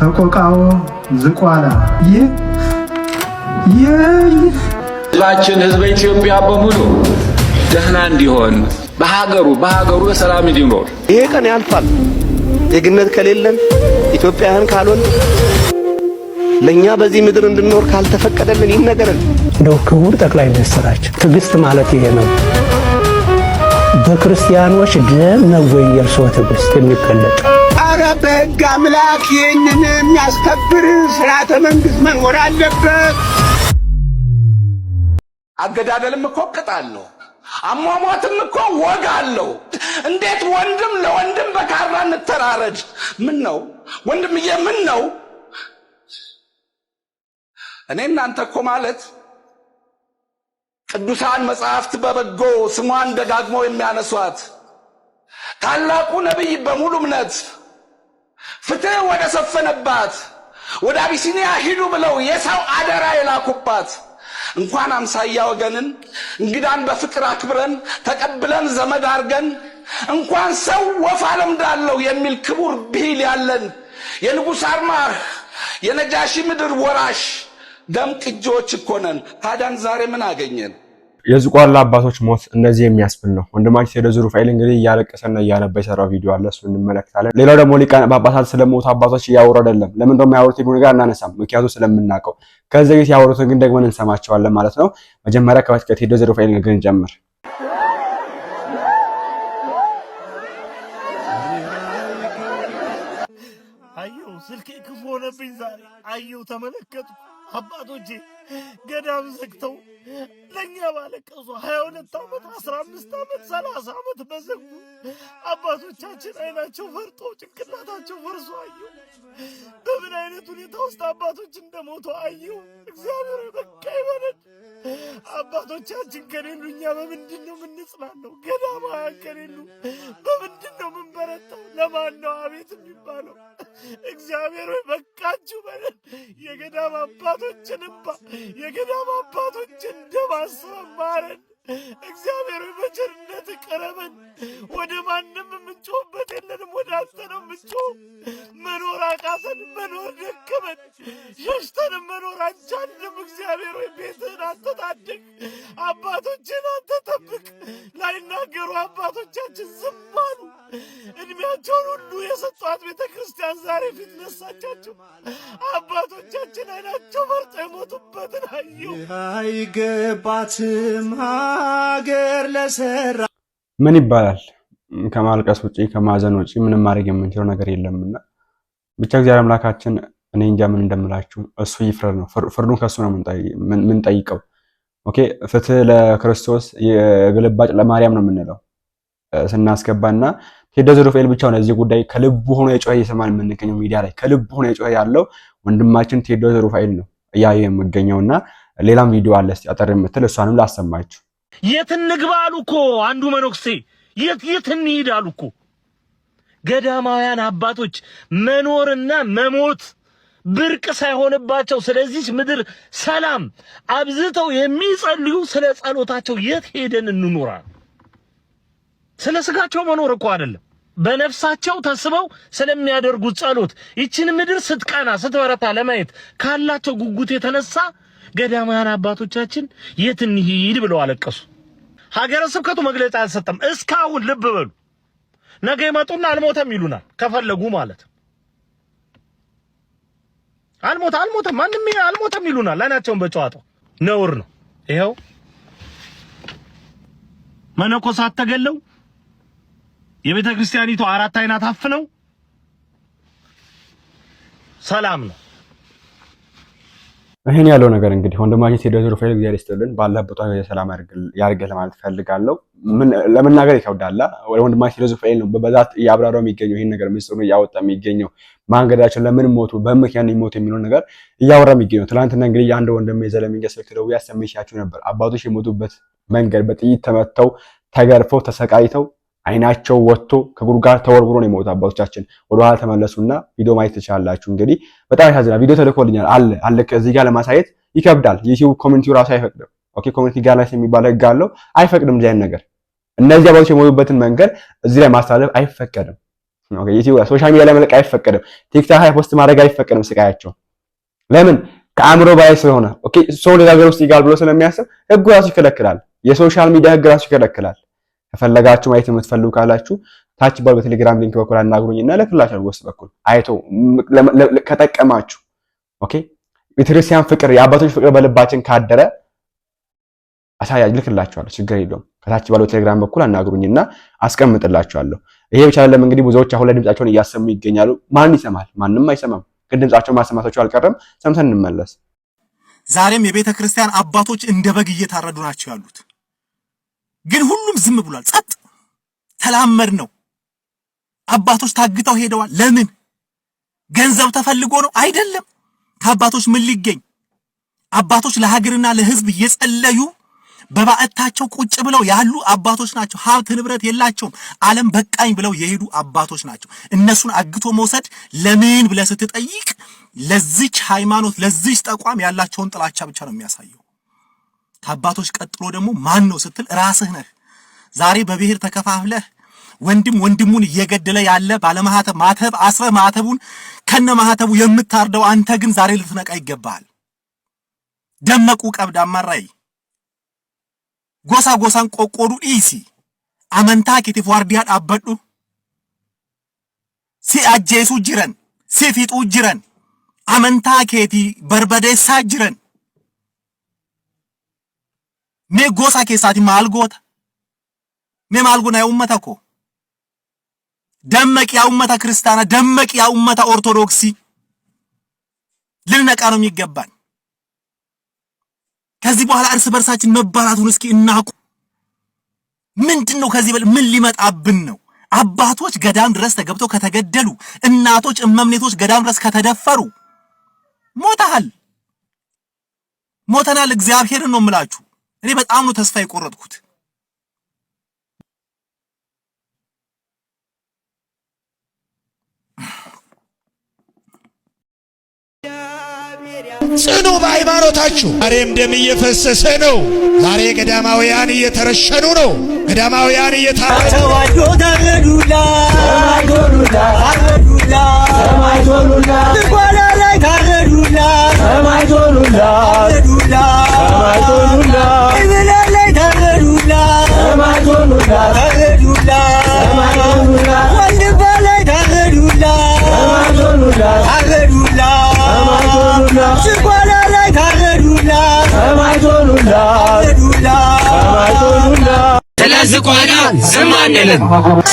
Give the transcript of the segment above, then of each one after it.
ሰቆቃወ ዝቋላ ይህ ህዝባችን ህዝበ ኢትዮጵያ በሙሉ ደህና እንዲሆን በሀገሩ በሀገሩ በሰላም እንዲኖር ይሄ ቀን ያልፋል። ዜግነት ከሌለን ኢትዮጵያውያን ካልሆን ለእኛ በዚህ ምድር እንድንኖር ካልተፈቀደልን ይነገረን። እንደው ክቡር ጠቅላይ ሚኒስትራችን ትዕግስት ማለት ይሄ ነው። በክርስቲያኖች ደም ነው ወይ የእርስዎ ትዕግስት የሚገለጠው? ኧረ በሕግ አምላክ ይህንን የሚያስከብር ስርዓተ መንግሥት መኖር አለበት። አገዳደልም እኮ ቅጣል ነው። አሟሟትም እኮ ወግ አለው። እንዴት ወንድም ለወንድም በካራ እንተራረድ? ምን ነው ወንድምዬ? ምን ነው እኔ እናንተ እኮ ማለት ቅዱሳን መጽሐፍት በበጎ ስሟን ደጋግመው የሚያነሷት ታላቁ ነቢይ በሙሉ እምነት ፍትህ ወደ ሰፈነባት ወደ አቢሲኒያ ሂዱ ብለው የሰው አደራ የላኩባት እንኳን አምሳያ ወገንን እንግዳን በፍቅር አክብረን ተቀብለን ዘመድ አርገን እንኳን ሰው ወፍ አለምዳለሁ የሚል ክቡር ብሂል ያለን የንጉሥ አርማህ የነጃሺ ምድር ወራሽ ደም ቅጂዎች እኮ ነን። ታዲያን ዛሬ ምን አገኘን? የዝቋላ አባቶች ሞት እንደዚህ የሚያስብል ነው። ወንድማችን ቴዎድሮስ ሩፋኤል እንግዲህ እያለቀሰና እያነበ የሰራው ቪዲዮ አለ፣ እሱ እንመለከታለን። ሌላው ደግሞ ሊቃነ ጳጳሳት ስለሞቱ አባቶች እያወሩ አይደለም። ለምን ደሞ ያወሩት የሚሉ ነገር አናነሳም፣ ምክንያቱ ስለምናውቀው። ከዚህ ቤት ያወሩትን ግን ደግመን እንሰማቸዋለን ማለት ነው። መጀመሪያ ከቴዎድሮስ ሩፋኤል ንግግር እንጀምር። አየሁ ስልኬ ክፉ ሆነብኝ ዛሬ። አየሁ ተመለከቱ አባቶቼ ገዳም ዘግተው ለእኛ ባለቀሱ ሀያ ሁለት ዓመት አስራ አምስት ዓመት ሰላሳ ዓመት በዘጉ አባቶቻችን አይናቸው ፈርጦ ጭንቅላታቸው ፈርሶ አየሁ። በምን አይነት ሁኔታ ውስጥ አባቶች እንደሞቱ አየሁ። እግዚአብሔር በቃ ይበለን። አባቶቻችን ከሌሉ እኛ በምንድን ነው የምንጽናናው? ገዳማውያን ከሌሉ በምንድን ነው የምንበረታው? ለማን ነው አቤት የሚባለው? እግዚአብሔር በቃችሁ በለን። የገዳም አባቶችን እባ የገዳም አባቶችን ደም አሰባማረን። እግዚአብሔር በቸርነት ቀረበን። ወደ ማንም የምንጮህበት የለንም። ተገዳስተንም ምጮ መኖር አቃተን፣ መኖር ደከመን፣ ሸሽተንም መኖር አንቻልም። እግዚአብሔር ወይ ቤትህን አንተ አባቶችን አተጠብቅ። ላይናገሩ አባቶቻችን ዝም አሉ። እድሜያቸውን ሁሉ የሰጧት ቤተ ክርስቲያን ዛሬ ፊት ነሳቻቸው። አባቶቻችን አይናቸው መርጦ የሞቱበትን አዩ። አይገባትም ሀገር ለሰራ ምን ይባላል? ከማልቀስ ውጪ ከማዘን ውጪ ምንም ማድረግ የምንችለው ነገር የለምና ብቻ እግዚአብሔር አምላካችን እኔ እንጃ ምን እንደምላችሁ፣ እሱ ይፍረድ ነው። ፍርዱን ከእሱ ነው የምንጠይቀው። ኦኬ ፍትህ ለክርስቶስ የግልባጭ ለማርያም ነው የምንለው ስናስገባና ቴዲ ዘሩፋኤል ብቻውን እዚህ ጉዳይ ከልቡ ሆኖ የጮኸ እየሰማን የምንገኘው ሚዲያ ላይ ከልቡ ሆኖ የጮኸ ያለው ወንድማችን ቴዲ ዘሩፋኤል ነው እያየ የምገኘው እና ሌላም ቪዲዮ አለ አጠር የምትል እሷንም ላሰማችሁ። የት እንግባ አሉ እኮ አንዱ መነኩሴ የት የት አሉ እኮ ገዳማውያን አባቶች። መኖርና መሞት ብርቅ ሳይሆንባቸው ስለዚች ምድር ሰላም አብዝተው የሚጸልዩ ስለ ጸሎታቸው የት ሄደን እንኖራ? ስለ ስጋቸው መኖር እኮ አይደለም በነፍሳቸው ተስበው ስለሚያደርጉት ጸሎት ይችን ምድር ስትቀና ስትበረታ ለማየት ካላቸው ጉጉት የተነሳ ገዳማውያን አባቶቻችን የት እንሂድ ብለው አለቀሱ። ሀገረ ስብከቱ መግለጫ አልሰጠም እስካሁን። ልብ በሉ። ነገ ይመጡና አልሞተም ይሉናል ከፈለጉ ማለት አልሞተ አልሞተም ማንም አልሞተም ይሉናል። አይናቸውን በጨዋታው ነውር ነው። ይኸው መነኮሳት ተገለው የቤተ ክርስቲያኒቱ አራት አይናት አፍነው ሰላም ነው። ይህን ያለው ነገር እንግዲህ ወንድማችን ቴድሮስ ሩፋኤል እግዚአብሔር ይስጥልን ባለበት ጊዜ ሰላም ያድርግህ ለማለት ፈልጋለሁ። ለመናገር ይከብዳል። ወደ ወንድማችን ቴድሮስ ሩፋኤል ነው በብዛት እያብራራው የሚገኘው ይህን ነገር ምስጥሩ እያወጣ የሚገኘው ማንገዳቸው ለምን ሞቱ፣ በምክንያት የሚሞቱ የሚለውን ነገር እያወራ የሚገኘው። ትናንትና እንግዲህ የአንድ ወንድም የዘለሚንገስ ስልክ ደውዬ አሰምቻችሁ ነበር። አባቶች የሞቱበት መንገድ በጥይት ተመተው ተገርፈው ተሰቃይተው አይናቸው ወጥቶ ከጉር ጋር ተወርውሮ ነው የሞቱ አባቶቻችን። ወደኋላ ተመለሱና ቪዲዮ ማየት ትችላላችሁ። እንግዲህ በጣም ያሳዝናል። ቪዲዮ ተልኮልኛል አለ አለ እዚህ ጋር ለማሳየት ይከብዳል። ዩቲዩብ ኮሚኒቲው ራሱ አይፈቅድም። ኦኬ ኮሚኒቲ ጋር ላይ የሚባል ህግ አለው፣ አይፈቅድም። እዚህ አይነት ነገር እነዚህ አባቶች የሞቱበትን መንገድ እዚህ ላይ ማስተላለፍ አይፈቀድም። ኦኬ ዩቲዩብ ሶሻል ሚዲያ ላይ መልቀቅ አይፈቀድም። ቲክታክ ላይ ፖስት ማድረግ አይፈቀድም። ስቃያቸው ለምን ከአእምሮ በላይ ስለሆነ ኦኬ ሰው ሌላ ሀገር ውስጥ ይጋል ብሎ ስለሚያስብ ህጉ ራሱ ይከለክላል። የሶሻል ሚዲያ ህግ ራሱ ይከለክላል። ከፈለጋችሁ ማየት የምትፈልጉ ካላችሁ ታች ባሉ በቴሌግራም ሊንክ በኩል አናግሩኝ እና እልክላችኋለሁ። ውስጥ በኩል አይቶ ከጠቀማችሁ ኦኬ። ቤተክርስቲያን ፍቅር የአባቶች ፍቅር በልባችን ካደረ አሳያጅ ልክላችኋለሁ። ችግር የለውም። ከታች ባለው ቴሌግራም በኩል አናግሩኝና አስቀምጥላችኋለሁ። ይሄ ብቻ አይደለም እንግዲህ ብዙዎች አሁን ላይ ድምጻቸውን እያሰሙ ይገኛሉ። ማን ይሰማል? ማንም አይሰማም። ግን ድምጻቸውን ማሰማታቸው አልቀረም። ሰምተን እንመለስ። ዛሬም የቤተ ክርስቲያን አባቶች እንደ በግ እየታረዱ ናቸው ያሉት ግን ሁሉም ዝም ብሏል። ጸጥ ተላመድ ነው። አባቶች ታግተው ሄደዋል። ለምን ገንዘብ ተፈልጎ ነው አይደለም። ከአባቶች ምን ሊገኝ? አባቶች ለሀገርና ለሕዝብ እየጸለዩ በባዕታቸው ቁጭ ብለው ያሉ አባቶች ናቸው። ሀብት ንብረት የላቸውም። ዓለም በቃኝ ብለው የሄዱ አባቶች ናቸው። እነሱን አግቶ መውሰድ ለምን ብለህ ስትጠይቅ ለዚች ሃይማኖት፣ ለዚች ተቋም ያላቸውን ጥላቻ ብቻ ነው የሚያሳየው። ከአባቶች ቀጥሎ ደግሞ ማን ነው ስትል ራስህ ነህ። ዛሬ በብሔር ተከፋፍለህ ወንድም ወንድሙን እየገደለ ያለ ባለማህተብ ማተብ አስረ ማተቡን ከነ ማህተቡ የምታርደው አንተ ግን ዛሬ ልትነቃ ይገባሃል። ደመቁ ቀብድ አማራይ ጎሳ ጎሳን ቆቆዱ ኢሲ አመንታ ኬቲፍ ዋርዲያ ዳበዱ ሲአጄሱ ጅረን ሲፊጡ ጅረን አመንታ ኬቲ በርበዴሳ ጅረን mee gosa keessaati maal goota? Mee maal goona ummata ko? ደመቅ ያ ክርስቲያና ደመቅ ያ ኦርቶዶክሲ ልንነቃ ነው የሚገባን። ከዚህ በኋላ እርስ በርሳችን መባላቱን እስኪ እናቁ። ምንድን ነው ከዚህ በል ምን ሊመጣብን ነው? አባቶች ገዳም ድረስ ተገብተው ከተገደሉ፣ እናቶች እመምኔቶች ገዳም ድረስ ከተደፈሩ፣ ሞተሃል፣ ሞተናል። እግዚአብሔርን ነው የምላችሁ። እኔ በጣም ነው ተስፋ የቆረጥኩት። ጽኑ በሃይማኖታችሁ። ዛሬም ደም እየፈሰሰ ነው። ዛሬ ገዳማውያን እየተረሸኑ ነው። ገዳማውያን እየታረዱ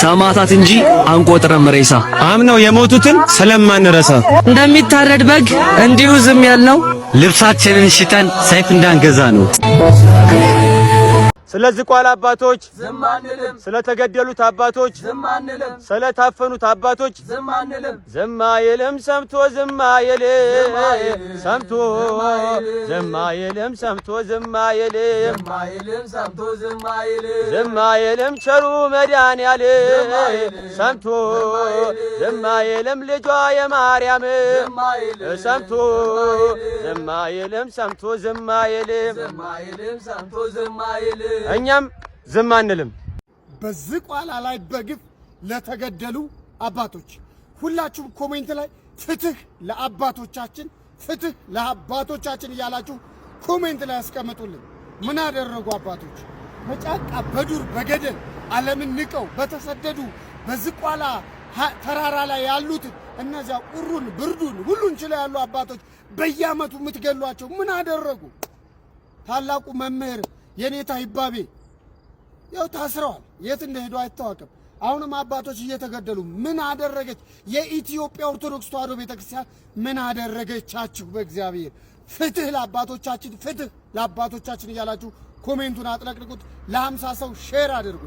ሰማታት እንጂ አንቆጥርም ሬሳ። አምነው የሞቱትን ስለማንረሳ እንደሚታረድ በግ እንዲሁ ዝም ያልነው ልብሳችንን ሽጠን ሰይፍ እንዳንገዛ ነው። ስለ ዝቋላ አባቶች ዝም አንልም፣ ስለ ተገደሉት አባቶች ዝም አንልም፣ ስለ ታፈኑት አባቶች ዝም አንልም። ዝም አይልም ሰምቶ ዝም አይልም ሰምቶ ዝም አይልም ሰምቶ ዝም አይልም ሰምቶ ዝም አይልም ቸሩ መዳን ያለ ሰምቶ ዝም አይልም ልጇ የማርያም ሰምቶ ዝም አይልም ሰምቶ ዝም አይልም እኛም ዝም አንልም። በዚህ ላይ በግፍ ለተገደሉ አባቶች ሁላችሁም ኮሜንት ላይ ፍትህ ለአባቶቻችን፣ ፍትህ ለአባቶቻችን እያላችሁ ኮሜንት ላይ ያስቀምጡልን። ምን አደረጉ አባቶች? በጫቃ በዱር በገደል ዓለምን ንቀው በተሰደዱ በዝቋላ ተራራ ላይ ያሉት እነዚያ ቁሩን ብርዱን ሁሉን ችለው ያሉ አባቶች በየዓመቱ የምትገሏቸው ምን አደረጉ? ታላቁ መምህር የኔታ ይባቤ ያው ታስረዋል። የት እንደሄዱ አይታወቅም። አሁንም አባቶች እየተገደሉ ምን አደረገች የኢትዮጵያ ኦርቶዶክስ ተዋሕዶ ቤተክርስቲያን? ምን አደረገቻችሁ? በእግዚአብሔር ፍትህ ለአባቶቻችን፣ ፍትህ ለአባቶቻችን እያላችሁ ኮሜንቱን አጥለቅልቁት። ለሀምሳ ሰው ሼር አድርጉ።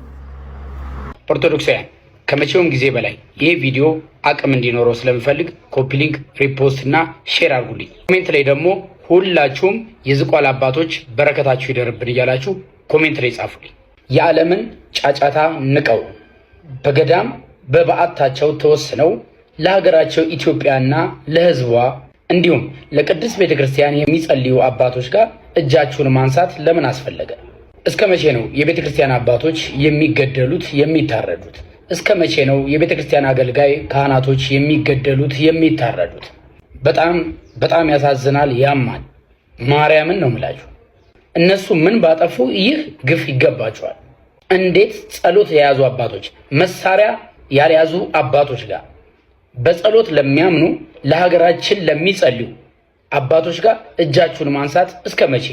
ኦርቶዶክሳውያን ከመቼውም ጊዜ በላይ ይህ ቪዲዮ አቅም እንዲኖረው ስለምፈልግ ኮፒ ሊንክ፣ ሪፖስት እና ሼር አድርጉልኝ። ኮሜንት ላይ ደግሞ ሁላችሁም የዝቋላ አባቶች በረከታችሁ ይደርብን እያላችሁ ኮሜንት ላይ ጻፉልኝ። የዓለምን ጫጫታ ንቀው በገዳም በበዓታቸው ተወስነው ለሀገራቸው ኢትዮጵያና ለሕዝቧ እንዲሁም ለቅድስት ቤተ ክርስቲያን የሚጸልዩ አባቶች ጋር እጃችሁን ማንሳት ለምን አስፈለገ? እስከ መቼ ነው የቤተ ክርስቲያን አባቶች የሚገደሉት የሚታረዱት? እስከ መቼ ነው የቤተ ክርስቲያን አገልጋይ ካህናቶች የሚገደሉት የሚታረዱት? በጣም በጣም ያሳዝናል፣ ያማል። ማርያምን ነው ምላችሁ። እነሱ ምን ባጠፉ ይህ ግፍ ይገባቸዋል። እንዴት ጸሎት የያዙ አባቶች መሳሪያ ያልያዙ አባቶች ጋር በጸሎት ለሚያምኑ ለሀገራችን ለሚጸልዩ አባቶች ጋር እጃችሁን ማንሳት እስከ መቼ?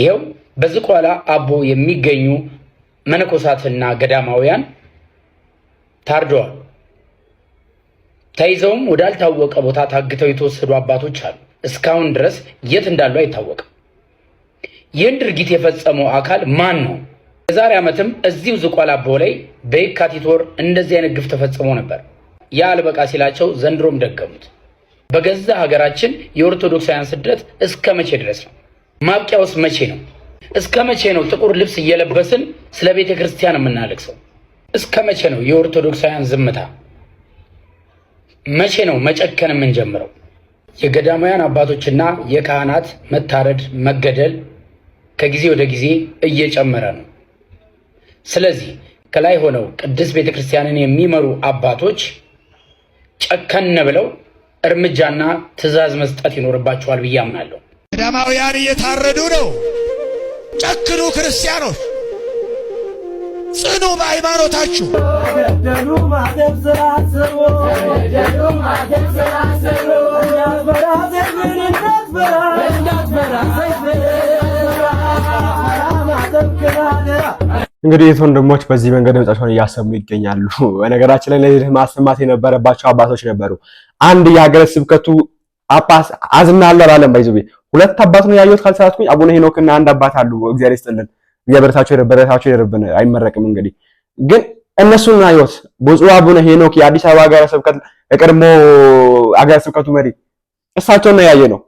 ይኸው በዝቋላ አቦ የሚገኙ መነኮሳትና ገዳማውያን ታርደዋል። ተይዘውም ወዳልታወቀ ቦታ ታግተው የተወሰዱ አባቶች አሉ። እስካሁን ድረስ የት እንዳሉ አይታወቅም። ይህን ድርጊት የፈጸመው አካል ማን ነው? የዛሬ ዓመትም እዚሁ ዝቋላ አቦ ላይ በየካቲት ወር እንደዚህ አይነት ግፍ ተፈጽሞ ነበር። ያ አልበቃ ሲላቸው ዘንድሮም ደገሙት። በገዛ ሀገራችን የኦርቶዶክሳውያን ስደት እስከ መቼ ድረስ ነው? ማብቂያውስ መቼ ነው? እስከ መቼ ነው ጥቁር ልብስ እየለበስን ስለ ቤተ ክርስቲያን የምናለቅሰው? እስከ መቼ ነው የኦርቶዶክሳውያን ዝምታ? መቼ ነው መጨከን የምንጀምረው? የገዳማውያን አባቶችና የካህናት መታረድ፣ መገደል ከጊዜ ወደ ጊዜ እየጨመረ ነው። ስለዚህ ከላይ ሆነው ቅድስት ቤተ ክርስቲያንን የሚመሩ አባቶች ጨከን ብለው እርምጃና ትዕዛዝ መስጠት ይኖርባቸዋል ብዬ አምናለሁ። ገዳማውያን እየታረዱ ነው። ጨክኑ ክርስቲያኖች። ጽኑ በሃይማኖታችሁ። እንግዲህ ይህ ወንድሞች በዚህ መንገድ ድምጻቸውን እያሰሙ ይገኛሉ። በነገራችን ላይ ለዚህ ማሰማት የነበረባቸው አባቶች ነበሩ። አንድ የሀገረ ስብከቱ አፓስ አዝናለሁ አላለም። ባይዙ ሁለት አባቱን ነው ያየሁት ካልሰራትኩኝ አቡነ ሄኖክና አንድ አባት አሉ። እግዚአብሔር ይስጥልን። እያበረታቸው በረታቸው ይደርብን። አይመረቅም እንግዲህ ግን እነሱን አይወት ብፁዕ አቡነ ሄኖክ የአዲስ አበባ ሀገረ ስብከት የቀድሞ ሀገረ ስብከቱ መሪ ነው ያየ ነው።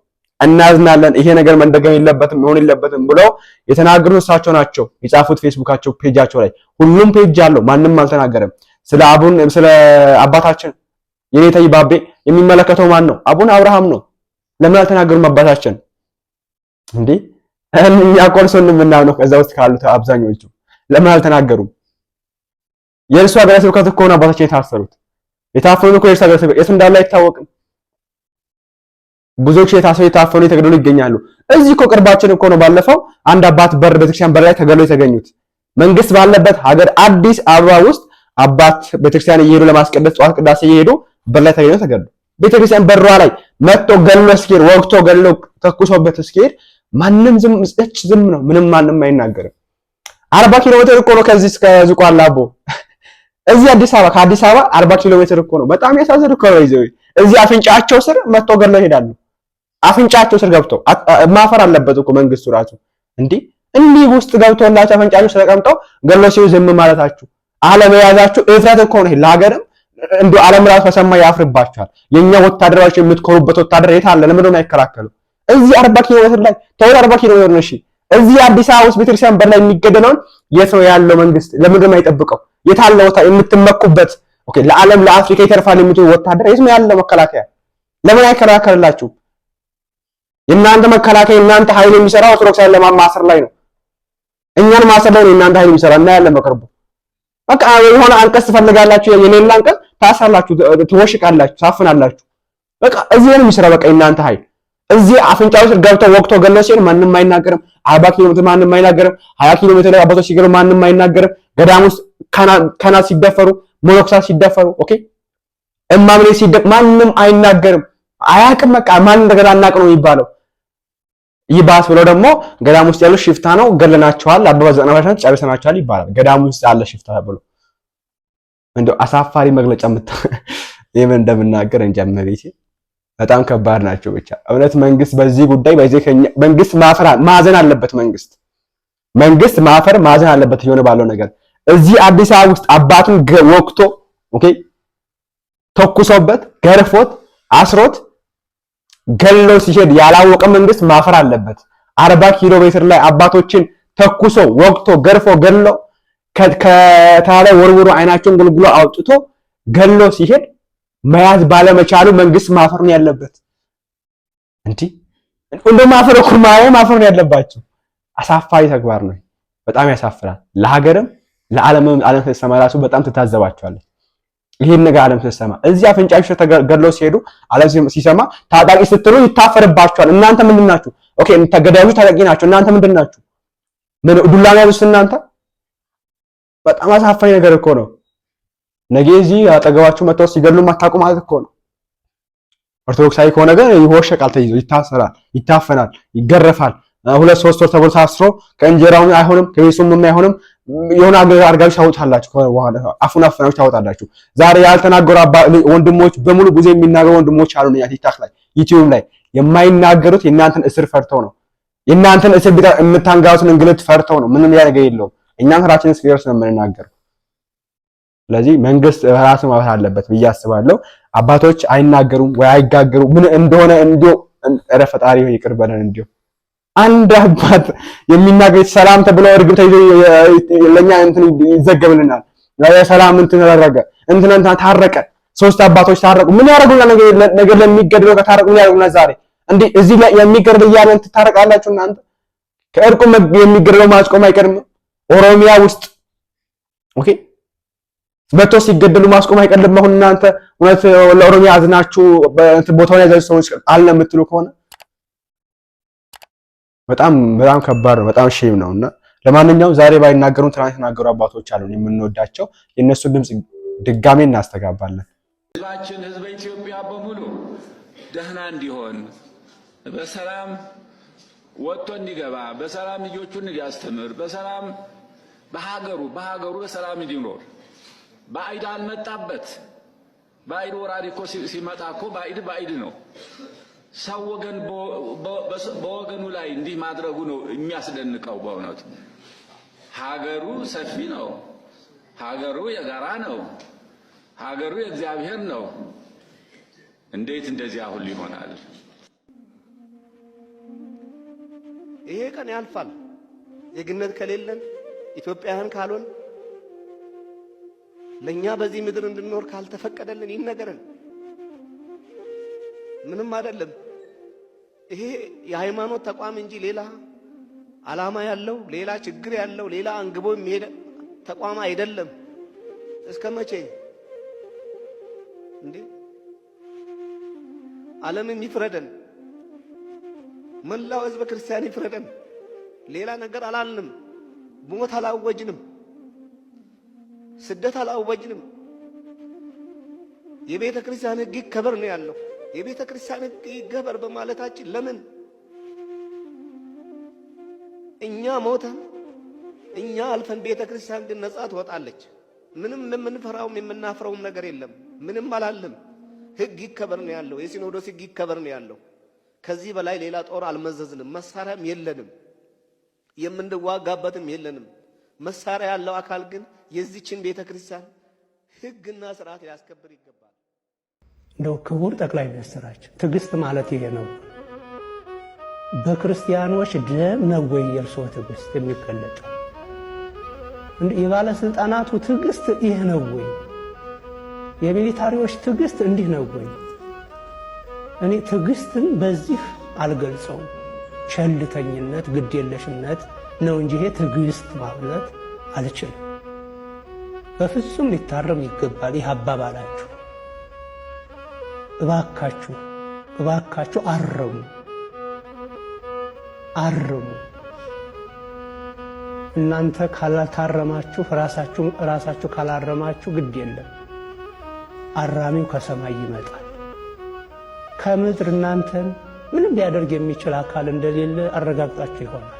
እናዝናለን፣ ይሄ ነገር መደገም የለበትም መሆን የለበትም ብለው የተናገሩት እሳቸው ናቸው። የጻፉት ፌስቡካቸው ፔጃቸው ላይ ሁሉም ፔጅ አለው። ማንም አልተናገረም ስለ አቡን ስለ አባታችን የኔ ይባቤ የሚመለከተው ማን ነው? አቡነ አብርሃም ነው። ለምን አልተናገሩም? አባታችን እንዴ እኛ ቆርሶን የምናምነው ከዛ ውስጥ ካሉት አብዛኞቹ ለምን አልተናገሩም? የእርሱ ሀገረ ስብከት እኮ ነው አባታችን የታሰሩት። የታፈኑ እኮ የእርሱ ሀገረ ስብከት የት እንዳለ አይታወቅም። ብዙዎች የታሰሩ የታፈኑ የተገደሉ ይገኛሉ። እዚህ እኮ ቅርባችን እኮ ነው። ባለፈው አንድ አባት በር ቤተክርስቲያን በር ላይ ተገድለው የተገኙት መንግስት ባለበት ሀገር አዲስ አበባ ውስጥ አባት ቤተክርስቲያን እየሄዱ ለማስቀደስ ጠዋት ቅዳሴ እየሄዱ በር ላይ ተገኘው ተገደሉ። ቤተክርስቲያን በሯ ላይ መጥቶ ገሎ እስኪሄድ ወግቶ ገሎ ተኩሶበት እስኪሄድ ማንም ዝም እች ዝም ነው። ምንም ማንም አይናገርም። አርባ ኪሎ ሜትር እኮ ነው ከዚህ እስከ ዝቋላ አቦ እዚህ አዲስ አበባ ከአዲስ አበባ አርባ ኪሎ ሜትር እኮ ነው። በጣም ያሳዝን እኮ ነው። ይዘው እዚህ አፍንጫቸው ስር መጥቶ ገድለው ይሄዳሉ። አፍንጫቸው ስር ገብተው ማፈር አለበት እኮ መንግስቱ ራሱ እንዲህ እንዲህ ውስጥ ገብተውላቸው አፍንጫቸው ስር ተቀምጠው ገለው ሲሆን ዝም ማለታችሁ አለመያዛችሁ እፍረት እኮ ነው ለሀገርም እንዲሁ ዓለም ራሱ በሰማይ ያፍርባችኋል። የኛ ወታደራችሁ የምትኮሩበት ወታደር የት አለ? ለምንድን ነው አይከላከሉ? እዚህ አርባ ኪሎ ሜትር ላይ ተወው፣ አርባ ኪሎ ሜትር ነው። እሺ እዚህ አዲስ አበባ ውስጥ ቤተክርስቲያን በር ላይ የሚገደለውን የት ነው ያለው መንግስት? ለምንድን ነው አይጠብቀው? የታለ ቦታ የምትመኩበት? ኦኬ ለዓለም ለአፍሪካ ይተርፋል የምትሉ ወታደር የት ነው ያለው? መከላከያ ለምን አይከላከልላችሁም? የእናንተ መከላከያ የእናንተ ኃይል የሚሰራው ኦርቶዶክስ ኦርቶዶክሳውያን ለማማሰር ላይ ነው። እኛን ማሰር ላይ ነው የእናንተ ኃይል የሚሰራው እና ያለ መቅረቡ በቃ የሆነ አንቀጽ ትፈልጋላችሁ፣ የኔን አንቀጽ ታሳላችሁ፣ ትወሽቃላችሁ፣ ታፍናላችሁ። በቃ እዚህ ነው የሚሰራ በቃ የእናንተ ኃይል እዚህ አፍንጫው ስር ገብተው ወቅቶ ገለው ሲል ማንም አይናገርም። አርባ ኪሎ ሜትር ማንም አይናገርም። ሀያ ኪሎ ሜትር ላይ አባቶች ሲገሩ ማንም አይናገርም። ገዳም ውስጥ ካና ሲደፈሩ፣ መነኮሳት ሲደፈሩ፣ ኦኬ እማምሌ ሲደፍ ማንም አይናገርም። አያቅም። በቃ ማን እንደገና አናቅ ነው የሚባለው። ይባስ ብሎ ደግሞ ገዳም ውስጥ ያለው ሽፍታ ነው ገለናቸዋል፣ አባባ ዘጠና ፐርሰንት ጨርሰናቸዋል ይባላል። ገዳም ውስጥ ያለ ሽፍታ ብሎ እንደው አሳፋሪ መግለጫ የምታ ይሄን እንደምናገር እንጀምር በጣም ከባድ ናቸው። ብቻ እውነት መንግስት በዚህ ጉዳይ በዚህ መንግስት ማፈር ማዘን አለበት። መንግስት መንግስት ማፈር ማዘን አለበት። የሆነ ባለው ነገር እዚህ አዲስ አበባ ውስጥ አባቱን ወቅቶ ኦኬ ተኩሶበት ገርፎት አስሮት ገሎ ሲሄድ ያላወቀ መንግስት ማፈር አለበት። አርባ ኪሎ ሜትር ላይ አባቶችን ተኩሶ ወቅቶ ገርፎ ገሎ ከታለ ወርውሮ አይናቸውን ጉልጉሎ አውጥቶ ገሎ ሲሄድ መያዝ ባለመቻሉ መንግስት ማፈር ነው ያለበት። እንዲህ እንደ ማፈር እኮ ማፈር ነው ያለባቸው። አሳፋሪ ተግባር ነው። በጣም ያሳፍራል። ለሀገርም ለዓለምም ዓለም ስትሰማ ራሱ በጣም ትታዘባቸዋለች። ይሄን ነገር ዓለም ስትሰማ እዚህ አፍንጫችሁ ተገድለው ሲሄዱ ዓለም ሲሰማ ታጣቂ ስትሉ ይታፈርባቸዋል። እናንተ ምንድን ናችሁ? ኦኬ ተገዳዮቹ ታጣቂ ናቸው። እናንተ ምንድን ናችሁ? ምን ዱላ ነው ያዙት እናንተ? በጣም አሳፋሪ ነገር እኮ ነው። ነገ እዚህ አጠገባችሁ መጥተው ሲገድሉ ማታውቁ ማለት እኮ ነው። ኦርቶዶክሳዊ ከሆነ ግን ይወሸቃል፣ ተይዞ ይታሰራል፣ ይታፈናል፣ ይገረፋል። ሁለት ሶስት ወር ተብሎ ታስሮ ከእንጀራውም አይሆንም ከቤሱም አይሆንም። የሆነ አገር አድርጋችሁ ታወጣላችሁ፣ አፉን አፈናችሁ ታወጣላችሁ። ዛሬ ያልተናገሩ ወንድሞች በሙሉ ብዙ የሚናገሩ ወንድሞች አሉ ቲክታክ ላይ ዩቲዩብ ላይ የማይናገሩት የእናንተን እስር ፈርተው ነው። የእናንተን እስር የምታንጋሩትን እንግልት ፈርተው ነው። ምንም ያ ነገር የለውም። እኛም ስራችን እስኪደርስ ነው የምንናገረው። ስለዚህ መንግስት ራሱ ማብራት አለበት ብዬ አስባለሁ። አባቶች አይናገሩም ወይ አይጋገሩ ምን እንደሆነ እንዲሁ ኧረ ፈጣሪ ሆይ ይቅር በለን። እንዲሁ አንድ አባት የሚናገር ሰላም ተብሎ እርግብ ተይዞ ለኛ እንትን ይዘገብልናል። ሰላም እንትን ተደረገ እንትን እንትን ታረቀ፣ ሶስት አባቶች ታረቁ። ምን ያደርጉልናል? ነገር ለሚገድለው ከታረቁ ምን ያደርጉልናል? ዛሬ እንዴ እዚህ ላይ የሚገድል እያለ እንትን ታረቃላችሁ እናንተ። ከእርቁ የሚገድለው ማስቆም አይቀርም ኦሮሚያ ውስጥ ኦኬ በቶ ሲገደሉ ማስቆም አይቀልም። አሁን እናንተ እውነት ለኦሮሚያ አዝናችሁ ቦታውን ያዛችሁ ሰዎች አለ የምትሉ ከሆነ በጣም በጣም ከባድ ነው። በጣም ሼም ነው እና ለማንኛውም ዛሬ ባይናገሩን ትናንት የተናገሩ አባቶች አሉ የምንወዳቸው። የእነሱ ድምፅ ድጋሜ እናስተጋባለን። ህዝባችን ህዝበ ኢትዮጵያ በሙሉ ደህና እንዲሆን በሰላም ወጥቶ እንዲገባ በሰላም ልጆቹን እንዲያስተምር በሰላም በሀገሩ በሀገሩ በሰላም እንዲኖር ባዕድ አልመጣበት። ባዕድ ወራሪ እኮ ሲመጣ እኮ ባዕድ ባዕድ ነው። ሰው ወገን በወገኑ ላይ እንዲህ ማድረጉ ነው የሚያስደንቀው። በእውነቱ ሀገሩ ሰፊ ነው። ሀገሩ የጋራ ነው። ሀገሩ የእግዚአብሔር ነው። እንዴት እንደዚህ አሁን ይሆናል? ይሄ ቀን ያልፋል። ዜግነት ከሌለን ኢትዮጵያውያን ካልሆን ለእኛ በዚህ ምድር እንድንኖር ካልተፈቀደልን ይነገረን። ምንም አይደለም። ይሄ የሃይማኖት ተቋም እንጂ ሌላ ዓላማ ያለው ሌላ ችግር ያለው ሌላ አንግቦ የሚሄድ ተቋም አይደለም። እስከ መቼ እንዴ? ዓለምም ይፍረደን፣ መላው ሕዝበ ክርስቲያን ይፍረደን። ሌላ ነገር አላልንም፣ ሞት አላወጅንም። ስደት አላወጅንም። የቤተ ክርስቲያን ሕግ ይከበር ነው ያለው። የቤተ ክርስቲያን ሕግ ይገበር በማለታችን ለምን እኛ ሞተን እኛ አልፈን ቤተ ክርስቲያን ግን ነጻ ትወጣለች። ምንም የምንፈራውም የምናፍረውም ነገር የለም። ምንም አላለም። ሕግ ይከበር ነው ያለው። የሲኖዶስ ሕግ ይከበር ነው ያለው። ከዚህ በላይ ሌላ ጦር አልመዘዝንም። መሳሪያም የለንም። የምንዋጋበትም የለንም። መሳሪያ ያለው አካል ግን የዚችን ቤተ ክርስቲያን ስርዓት ሊያስከብር ይገባል። እንደው ክቡር ጠቅላይ ሚኒስትራችን ትዕግስት ማለት ይሄ ነው። በክርስቲያኖች ደም ነው ወይ የእርስዎ ትዕግስት የሚገለጠው? የባለሥልጣናቱ ትዕግስት ይህ ነው ወይ? የሚሊታሪዎች ትዕግስት እንዲህ ነው ወይ? እኔ ትዕግስትን በዚህ አልገልጸውም። ቸልተኝነት፣ ግዴለሽነት ነው እንጂ ይሄ ትዕግስት ማለት አልችልም። በፍጹም ሊታረም ይገባል። ይህ አባባላችሁ እባካችሁ እባካችሁ አረሙ አረሙ። እናንተ ካላታረማችሁ ራሳችሁ ራሳችሁ ካላረማችሁ ግድ የለም አራሚው ከሰማይ ይመጣል። ከምድር እናንተን ምንም ሊያደርግ የሚችል አካል እንደሌለ አረጋግጣችሁ ይሆናል።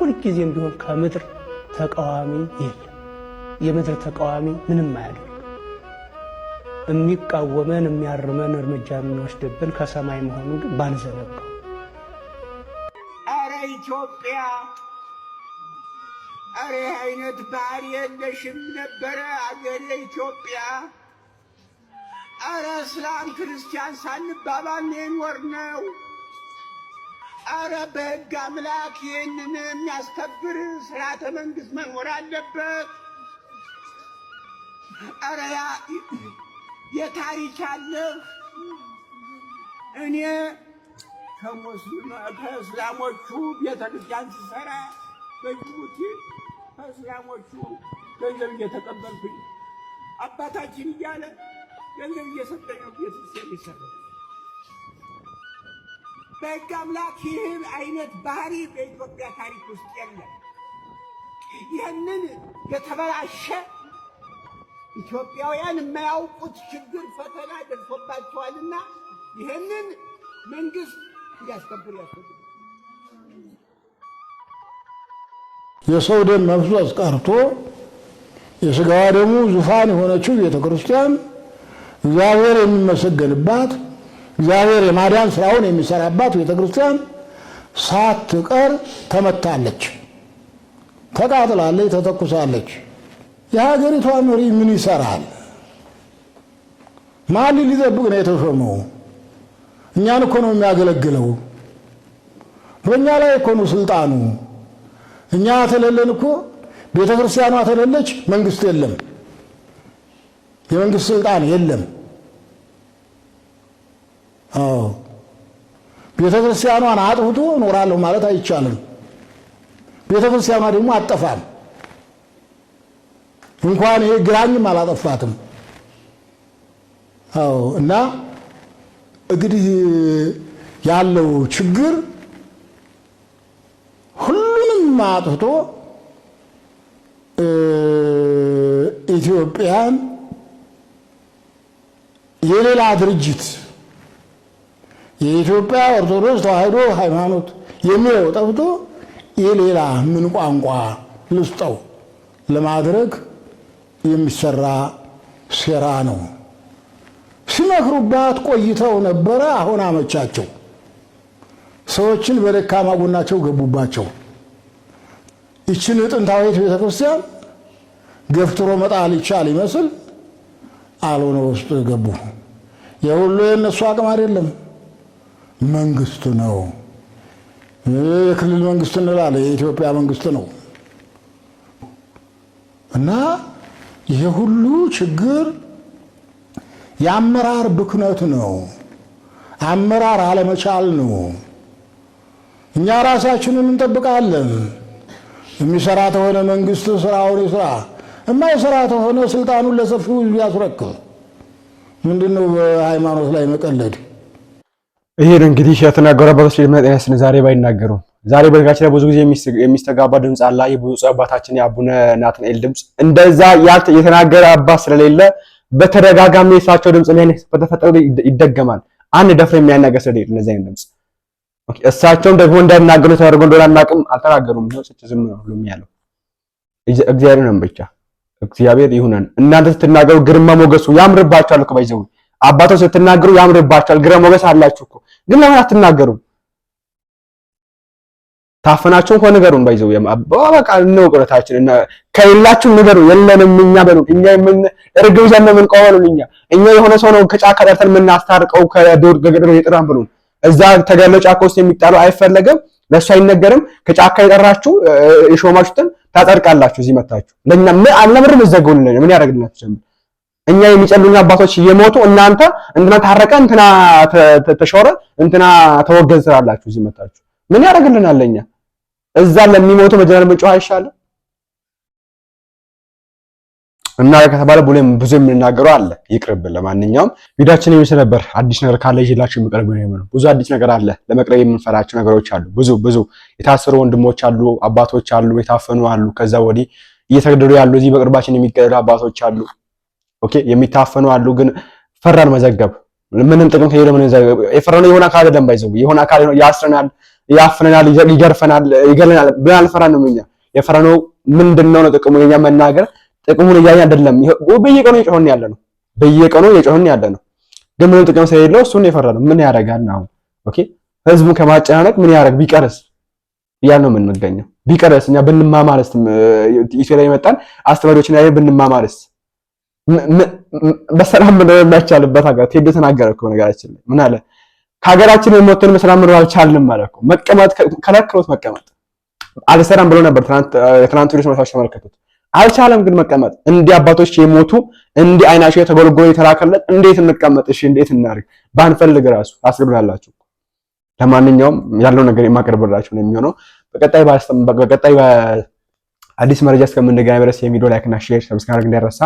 ሁልጊዜም ቢሆን ከምድር ተቃዋሚ የለም። የምድር ተቃዋሚ ምንም አያደርግ። የሚቃወመን የሚያርመን እርምጃ የሚወስድብን ከሰማይ መሆኑን ግን ባንዘነጋው። አረ ኢትዮጵያ፣ አረ አይነት ባህር የለሽም ነበረ አገሬ ኢትዮጵያ። አረ እስላም ክርስቲያን ሳንባባል ነው። አረ በህግ አምላክ ይህንን የሚያስከብር ስርዓተ መንግስት መኖር አለበት። ያ የታሪክ አለህ እኔ ከእስላሞቹ ቤተክርስቲያን ስሰራ በጅቡቲ ከእስላሞቹ ገንዘብ እየተቀበልኩኝ አባታችን እያለ ገንዘብ እየሰጠኝ ቤተክርስቲያን የሚሰራ በሕግ አምላክ ይህም አይነት ባህሪ በኢትዮጵያ ታሪክ ውስጥ የለም። ይህንን የተበላሸ ኢትዮጵያውያን የማያውቁት ችግር ፈተና ደርሶባቸዋልና ይህንን መንግስት እንዲያስከብር ያስፈልጋል። የሰው ደም መፍሰስ ቀርቶ የሥጋዋ ደሙ ዙፋን የሆነችው ቤተ ክርስቲያን እግዚአብሔር የሚመሰገንባት እግዚአብሔር የማዳን ስራውን የሚሰራባት ቤተ ክርስቲያን ሳትቀር ተመታለች፣ ተቃጥላለች፣ ተተኩሳለች። የሀገሪቷ መሪ ምን ይሰራል? ማን ሊጠብቅ ነው የተሾመው? እኛን እኮ ነው የሚያገለግለው። በእኛ ላይ እኮ ነው ስልጣኑ። እኛ ተለለን እኮ ቤተ ክርስቲያኗ ተለለች፣ መንግስት የለም፣ የመንግስት ስልጣን የለም። አዎ ቤተ ክርስቲያኗን አጥፍቶ እኖራለሁ ማለት አይቻልም። ቤተ ክርስቲያኗ ደግሞ አጠፋም። እንኳን ይሄ ግራኝም አላጠፋትም። አዎ እና እንግዲህ ያለው ችግር ሁሉንም አጥፍቶ ኢትዮጵያን የሌላ ድርጅት የኢትዮጵያ ኦርቶዶክስ ተዋሕዶ ሃይማኖት የሚለው ጠፍቶ የሌላ ምን ቋንቋ ልስጠው ለማድረግ የሚሰራ ሴራ ነው። ሲመክሩባት ቆይተው ነበረ። አሁን አመቻቸው። ሰዎችን በደካማ ጎናቸው ገቡባቸው። ይችን ጥንታዊት ቤተ ክርስቲያን ገፍትሮ መጣል ይቻል ይመስል አልሆነ ውስጥ ገቡ። የሁሉ የእነሱ አቅም አይደለም። መንግስቱ ነው። የክልል መንግስት እንላለን፣ የኢትዮጵያ መንግስት ነው እና ይሄ ሁሉ ችግር የአመራር ብክነት ነው። አመራር አለመቻል ነው። እኛ ራሳችንን እንጠብቃለን። የሚሰራ ተሆነ መንግስት ስራውን ይስራ፣ የማይሰራ ተሆነ ስልጣኑን ለሰፊው ያስረክብ። ምንድን ነው በሃይማኖት ላይ መቀለድ? ይሄን እንግዲህ የተናገሩ አባቶች ለመጠና ስነ ዛሬ ባይናገሩም ዛሬ በልጋችን ብዙ ጊዜ የሚስተጋባ ድምፅ አለ። የብፁዕ አባታችን የአቡነ ናትናኤል ድምፅ እንደዛ የተናገረ አባት ስለሌለ በተደጋጋሚ የሳቸው ድምፅ ላይ በተፈጠሩ ይደገማል። አንድ ደፍሮ የሚያናገር ስለሌለ እንደዚህ አይነት ድምፅ እሳቸውም ደግሞ እንዳይናገሩ ተደርጎ እንደሆነ አናውቅም። አልተናገሩም ነው ስች ዝም ነው ሁሉም ያለው እግዚአብሔር ነው ብቻ እግዚአብሔር ይሁነን። እናንተ ስትናገሩ ግርማ ሞገሱ ያምርባቸዋል እኮ ባይዘው አባቶች ስትናገሩ ያምርባቸዋል። ግረ ሞገስ አላችሁ እኮ ግን ለምን አትናገሩም? ታፈናችሁን እንኳን ንገሩን። ባይዘው በቃ ነው ቁረታችን እና ከሌላችሁ ንገሩ። የለንም እኛ በሉ። እኛ ምን እርግብ ዘነ ምን ቆመሉን እኛ እኛ የሆነ ሰው ነው ከጫካ ጠርተን የምናስታርቀው ከዱር ገገደሩ ይጥራን ብሉን። እዛ ተገለ ጫካ ውስጥ የሚጣሉ አይፈለገም፣ ለሱ አይነገርም። ከጫካ የጠራችሁ የሾማችሁትን ታጠርቃላችሁ። እዚህ መታችሁ ለኛ ምን አለምርም ዘገውልን ምን ያደርግልናችሁ ጀምር እኛ የሚጨልሉ አባቶች እየሞቱ እናንተ እንትና ታረቀ እንትና ተሾረ እንትና ተወገዝ ስላላችሁ እዚህ መጣችሁ ምን ያደርግልናል? ለኛ እዛ ለሚሞቱ መጀመሪያ መጮህ አይሻልም? እና ከተባለ ቡሌም ብዙ የምንናገረው አለ ይቅርብን። ለማንኛውም ቪዲዮችን የሚመስል ነበር። አዲስ ነገር ካለ ይላችሁ የምቀርብ ነው። የሚሆነው። ብዙ አዲስ ነገር አለ። ለመቅረብ የምንፈራቸው ነገሮች አሉ። ብዙ ብዙ የታሰሩ ወንድሞች አሉ፣ አባቶች አሉ፣ የታፈኑ አሉ። ከዛ ወዲህ እየተገደሉ ያሉ እዚህ በቅርባችን የሚገደሉ አባቶች አሉ። ኦኬ የሚታፈኑ አሉ። ግን ፈራን መዘገብ ምንም ጥቅም ከሌለው ምን ዘገብ የፈራነው የሆነ አካል አይደለም። ባይዘው የሆነ አካል ነው ያስረናል፣ ያፍነናል፣ ይገርፈናል፣ ይገለናል ብለን አልፈራንም። እኛ የፈራነው ምንድነው ነው ጥቅሙ? የኛ መናገር ጥቅሙን እያየን አይደለም። በየቀኑ እየጮህን ያለ ነው፣ በየቀኑ እየጮህን ያለ ነው። ግን ምንም ጥቅም ስለሌለው እሱን የፈራነው ምን ያደርጋል ነው? ኦኬ ህዝቡን ከማጨናነቅ ምን ያደርግ ቢቀርስ እያልን ነው የምንገኘው። ቢቀርስ እኛ ብንማማርስ ኢትዮጵያ ላይ የመጣን አስተማሪዎችን ላይ ብንማማርስ በሰላም መኖር የማይቻልበት ሀገር ቴዲ ተናገረ እኮ ነገራችን ላይ ምን አለ? ከሀገራችን የሞትን በሰላም መኖር አልቻልንም ማለት ነው። መቀመጥ ከለክሎት መቀመጥ አልሰራም ብሎ ነበር። ትናንት ሌሎች መሳች ተመለከቱት። አልቻለም ግን መቀመጥ። እንዲህ አባቶች የሞቱ እንዲህ አይናቸው የተጎለጎለ የተላከለት እንዴት እንቀመጥ? እሺ እንዴት እናድርግ? ባንፈልግ ራሱ አስገድላላችሁ። ለማንኛውም ያለው ነገር የማቀርብላችሁ ነው የሚሆነው። በቀጣይ በቀጣይ አዲስ መረጃ እስከምንገናኝ ድረስ የሚዲዮ ላይክና ሼር ሰብስክራይብ እንዳይረሳ።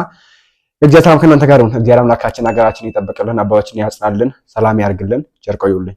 እግዚአብሔር ከእናንተ ጋር ይሁን። እግዚአብሔር አምላካችን ሀገራችን ይጠብቅልን፣ አባቶችን ያጽናልን፣ ሰላም ያርግልን። ቸር ቆዩልኝ።